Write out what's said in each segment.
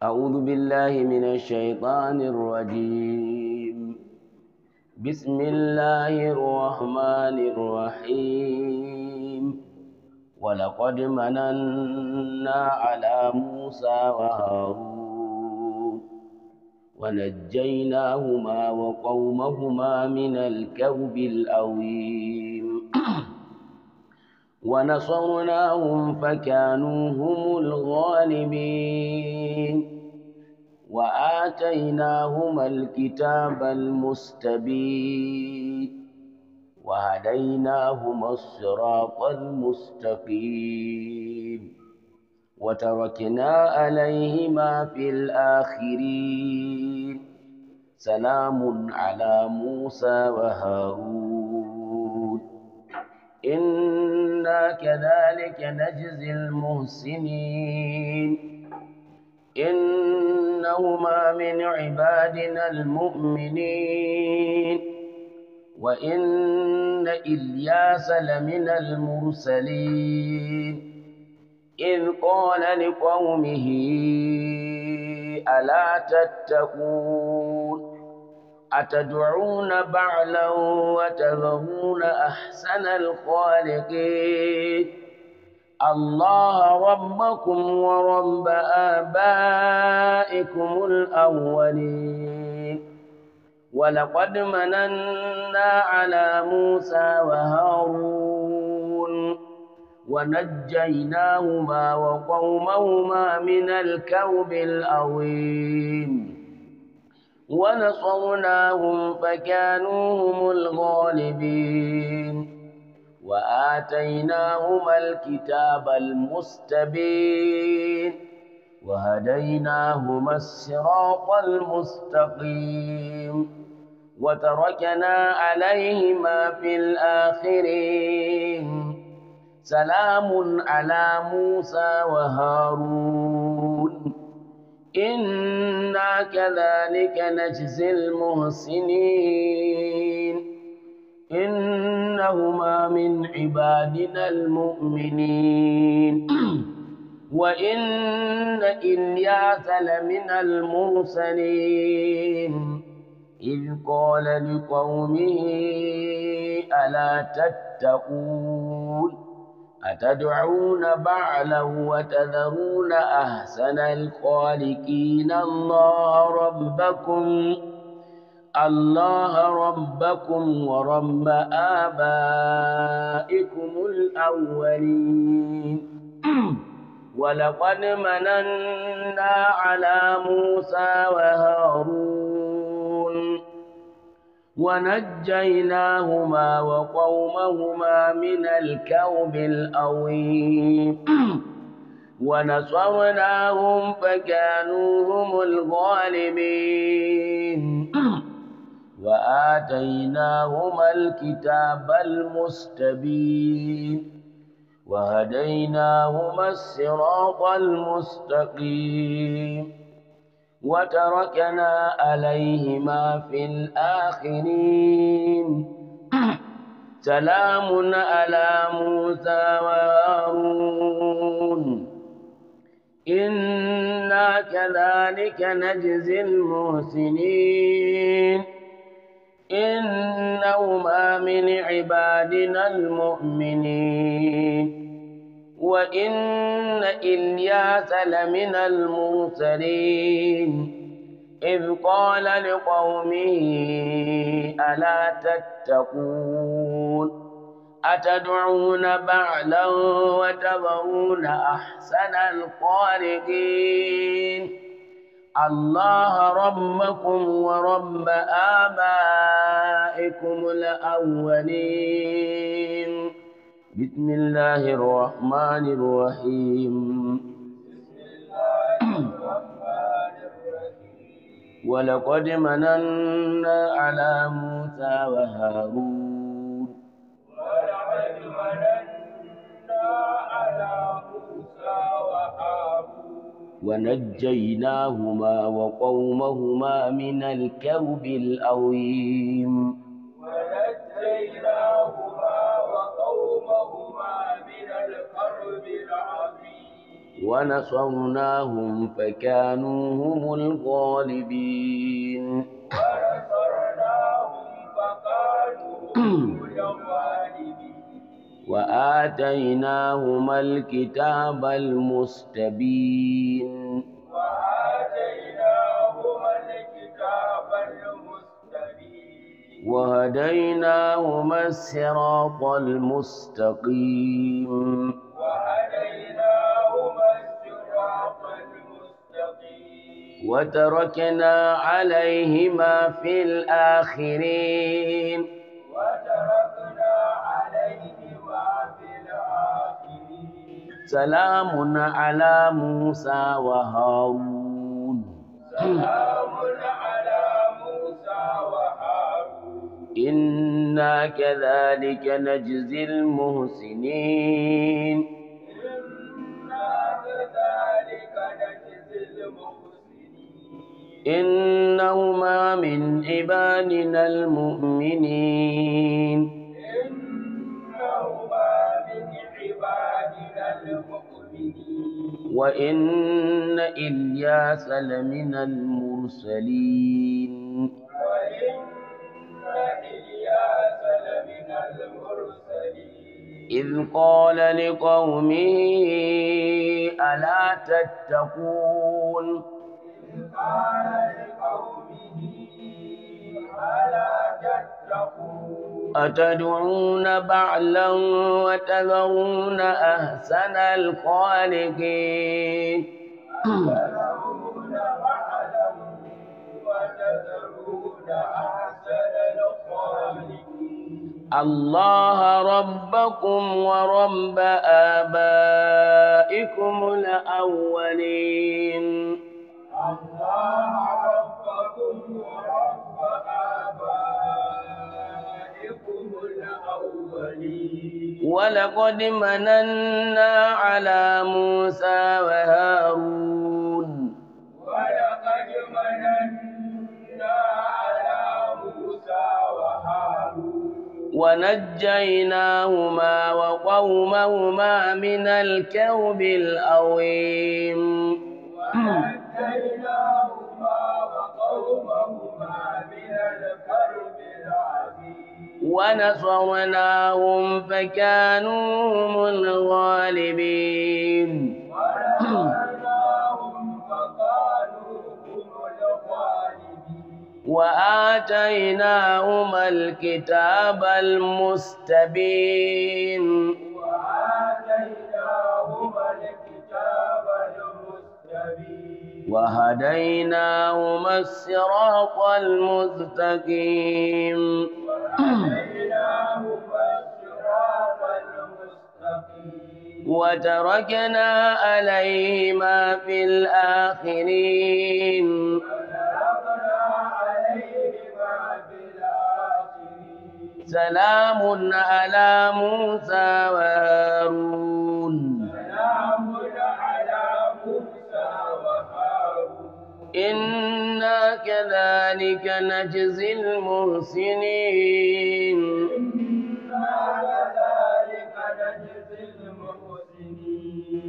أعوذ بالله من الشيطان الرجيم بسم الله الرحمن الرحيم ولقد مننا على موسى وهارون ونجيناهما وقومهما من الكرب الأويم ونصرناهم فكانوا هم الغالبين وآتيناهما الكتاب المستبين وهديناهما الصراط المستقيم وتركنا عليهما في الآخرين سلام على موسى وهارون إنا كذلك نجزي المحسنين إنهما من عبادنا المؤمنين وإن إلياس لمن المرسلين إذ قال لقومه ألا تتقون أتدعون بعلا وتذرون أحسن الخالقين الله ربكم ورب آبائكم الأولين ولقد مننا على موسى وهارون ونجيناهما وقومهما من الكرب الأويم ونصرناهم فكانوا هم الغالبين وآتيناهما الكتاب المستبين وهديناهما الصراط المستقيم وتركنا عليهما في الآخرين سلام على موسى وهارون إنا كذلك نجزي المحسنين إنهما من عبادنا المؤمنين وإن إلياس لمن المرسلين إذ قال لقومه ألا تتقون أتدعون بعلا وتذرون أحسن الخالقين الله ربكم الله ربكم ورب آبائكم الأولين ولقد مننا على موسى وهارون ونجيناهما وقومهما من الكرب الأويم ونصرناهم فكانوا هم الظالمين وآتيناهما الكتاب المستبين وهديناهما الصراط المستقيم وتركنا عليهما في الآخرين سلام على موسى وهارون إنا كذلك نجزي المحسنين إنهما من عبادنا المؤمنين وإن إلياس لمن المرسلين إذ قال لقومه ألا تتقون أتدعون بعلا وتذرون أحسن الخالقين الله ربكم ورب آبائكم الأولين بسم الله الرحمن الرحيم ولقد مننا على موسى وهارون ولقد مننا على ونجيناهما وقومهما من الكرب الأويم ونجيناهما وقومهما من الكرب العظيم ونصرناهم فكانوا هم الغالبين ونصرناهم وآتيناهما الكتاب المستبين وآتيناهما الكتاب المستبين وهديناهما الصراط المستقيم وهديناهما الصراط المستقيم وتركنا عليهما في الآخرين سلام على موسى وهارون إنا كذلك نجزي المحسنين إنهما من عبادنا المؤمنين وإن إلياس لمن المرسلين وإن إلياس لمن المرسلين إذ قال لقومه ألا تتقون إذ قال لقومه ألا تتقون أتدعون بعلا وتذرون أحسن الخالقين الله ربكم ورب آبائكم الأولين الله ولقد مننا على موسى وهارون ولقد مننا على موسى وهارون ونجيناهما وقومهما من الكرب العظيم ونصرناهم فكانوا هم الغالبين وآتيناهما الكتاب المستبين وهديناهما الصراط المستقيم آه. وتركنا عليهما في الآخرين سلام على موسى وهارون سلام على موسى وهارون وكذلك نجزي المحسنين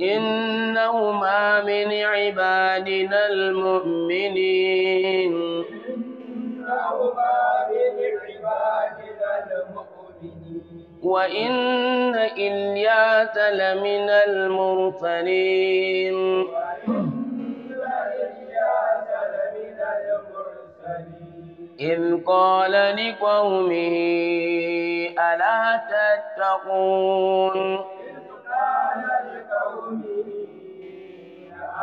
إنهما من عبادنا المؤمنين وإن إلياس لمن المرسلين إذ قال لقومه ألا تتقون إذ قال لقومه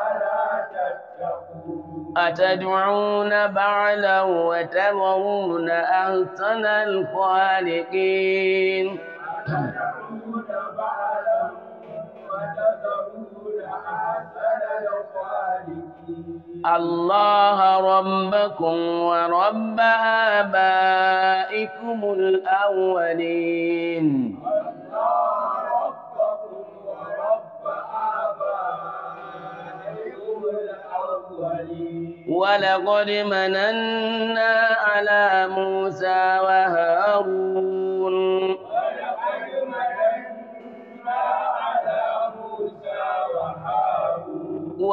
ألا تتقون أتدعون بعلا وتذرون أحسن الخالقين أتدعون بعلا وتذرون أحسن الله ربكم ورب آبائكم الأولين ولقد مننا على موسى وهارون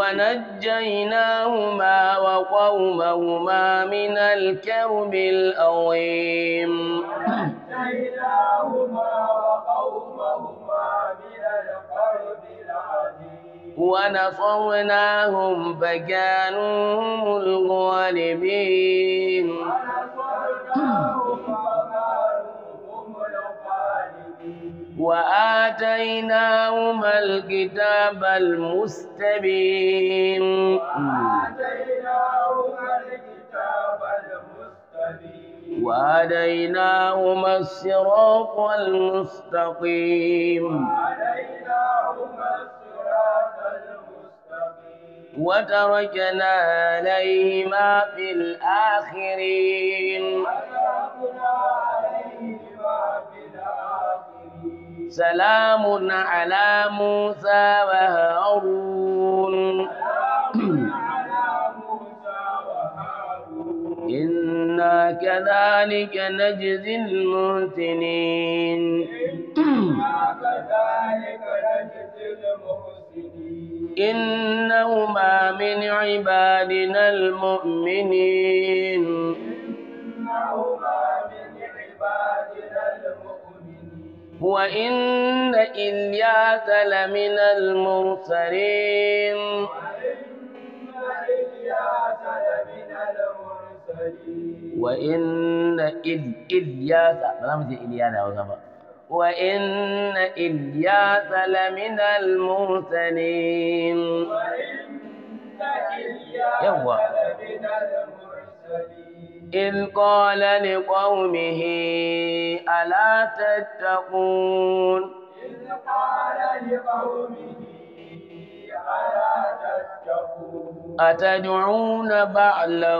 ونجيناهما وقومهما من الكرب العظيم ونصرناهم فكانوا هم الغالبين ونصرناهم وآتيناهما الكتاب المستبين وآتيناهما الصراط المستقيم وتركنا عليهما في الآخرين سلام على موسى وهارون إنا كذلك نجزي المحسنين إنهما من عبادنا المؤمنين وإن إلياس لمن المرسلين وإن إلياس المرسلين وإن إلياس لمن المرسلين وإن إلياس لمن المرسلين إذ قال لقومه ألا تتقون إذ قال لقومه ألا تتقون أتدعون بعلا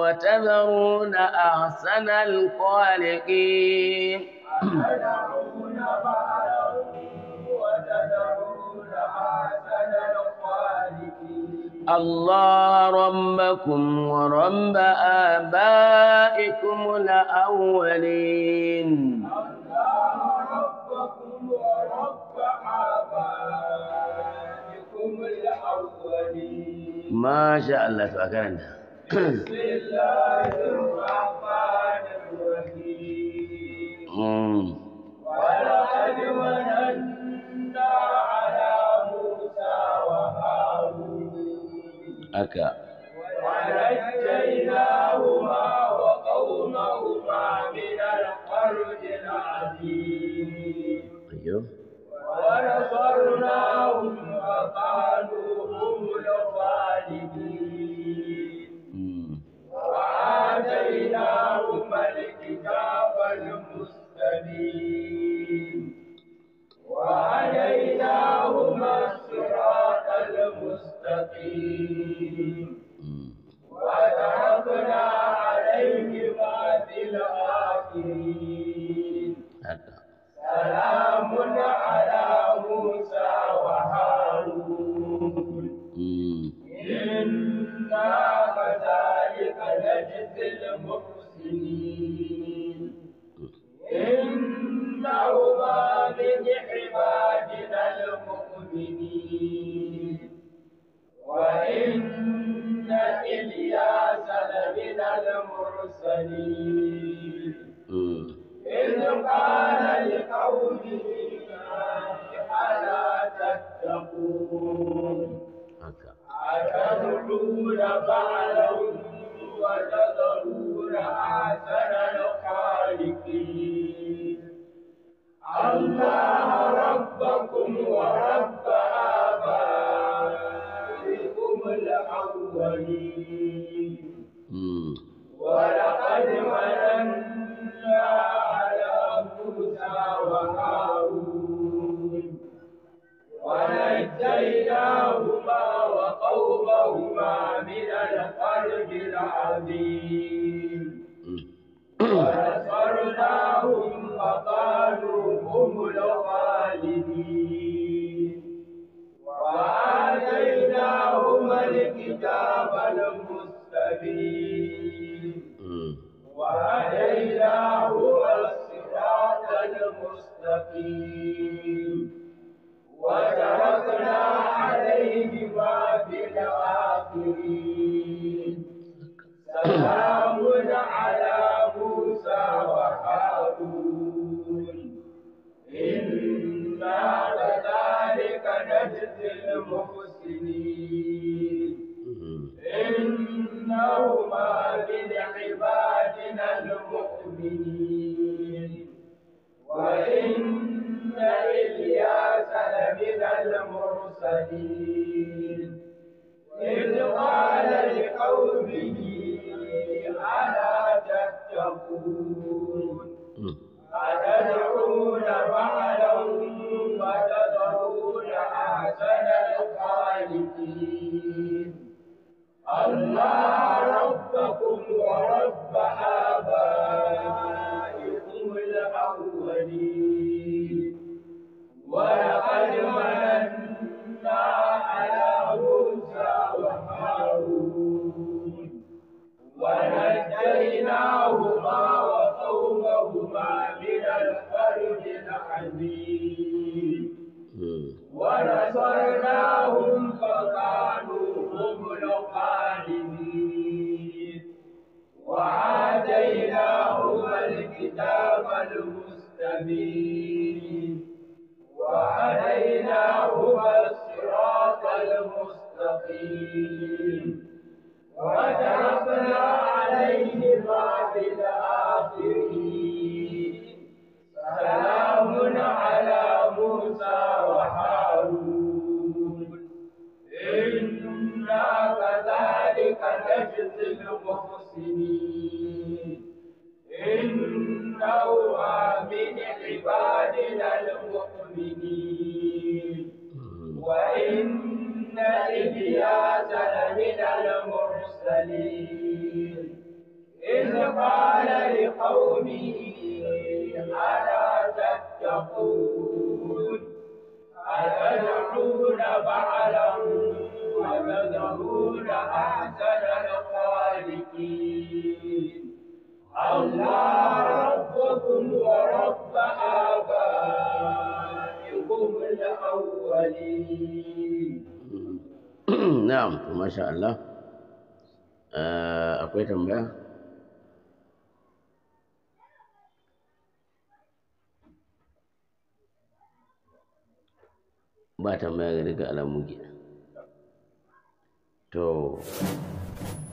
وتذرون أحسن الخالقين أتدعون بعلا الله ربكم ورب آبائكم الأولين الله ربكم ورب آبائكم الأولين ما شاء الله تبارك بسم الله الرحمن الرحيم ولقد مننا aka bala. Thee. داود على إنا كذلك نجزي المحسنين إنه من عبادنا المؤمنين وإن إلياس لمن المرسلين إذ قال لقومه ألا تتقون أتدعون بعد na'am masha Allah eh, akwai tambaya ba tambaya ga duka alamu kenan to